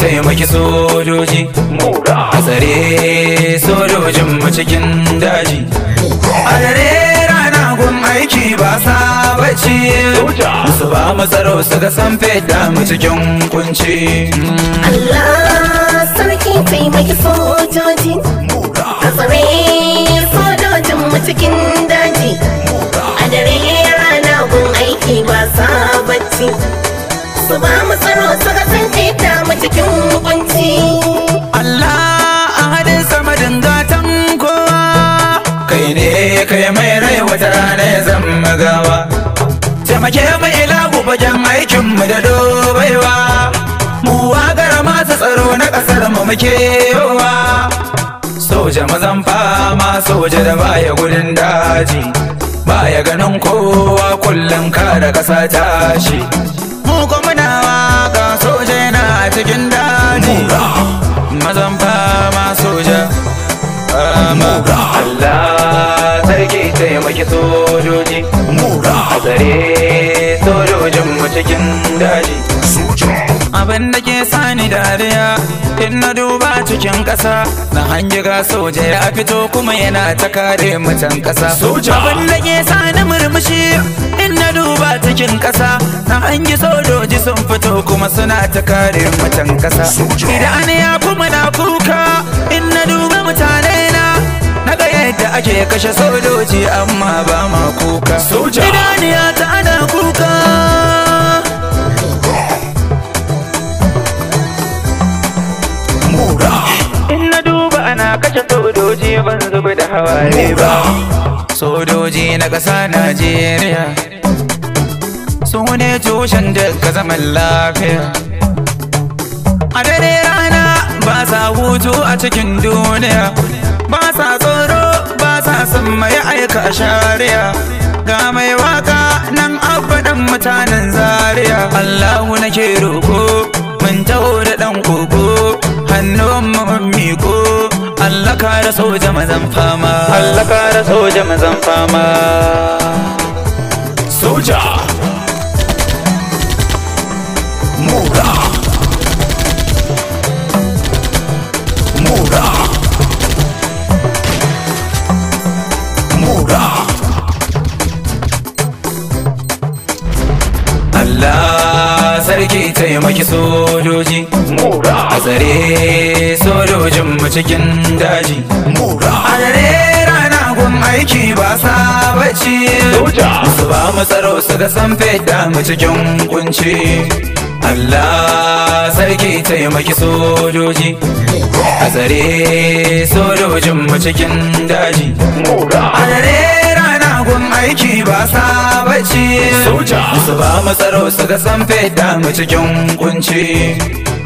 taimaki sojoji a tsare sojojin mu cikin daji a dare rana gun aiki ba sa bacci su ba mu su ga san feda mu cikin kunci Allah sarki taimaki sojoji a tsare sojojin mu cikin daji a dare rana gun aiki ba sa bacci su ba mu tsaro su cikin kwanci Allah a hadin sama dingatan kowa kai ne kai mai rai wata rana ya zama gawa taimake mai ilahu bajan aikin mu da dobaiwa mu wagar masu tsaro na ƙasar mu muke yowa soja mazan fama soja da baya gudun daji baya ganin kowa kullum kare kasa tashi mu kuma na a cikin dani mazan fama soja Allah sarki taimaki sojoji a abin da ke sani dariya in na duba cikin ƙasa na hangi ga soja ya fito kuma yana ta kare mutan ƙasa soja abin da ke sani murmushi in na duba cikin ƙasa na hangi sojoji sun fito kuma suna ta kare mutan ƙasa idan ya kuma na kuka in na duba mutane na na ga yadda ake kashe sojoji amma ba ma kuka idaniya ta ana kuka kashe sojoji ban zubi da hawaye ba sojoji na ƙasa najeriya su ne tushen duka zaman lafiya a dare rana ba sa hutu a cikin duniya ba sa tsoro ba sa san mai aika shari'a ga mai waka nan abadan mutanen zaria allahu nake roko mun taho soja zan fama Allah kara soja zan fama soja mura sarki taimaki sojoji a tsare sojojin cikin daji a dare rana gun aiki ba sa bacci su ba mu su ga san fita mu cikin kunci Allah sarki taimaki sojoji a tsare sojojin cikin daji a dare mugun aiki ba sa bacci soja su ba matsaro su ga san da mu cikin kunci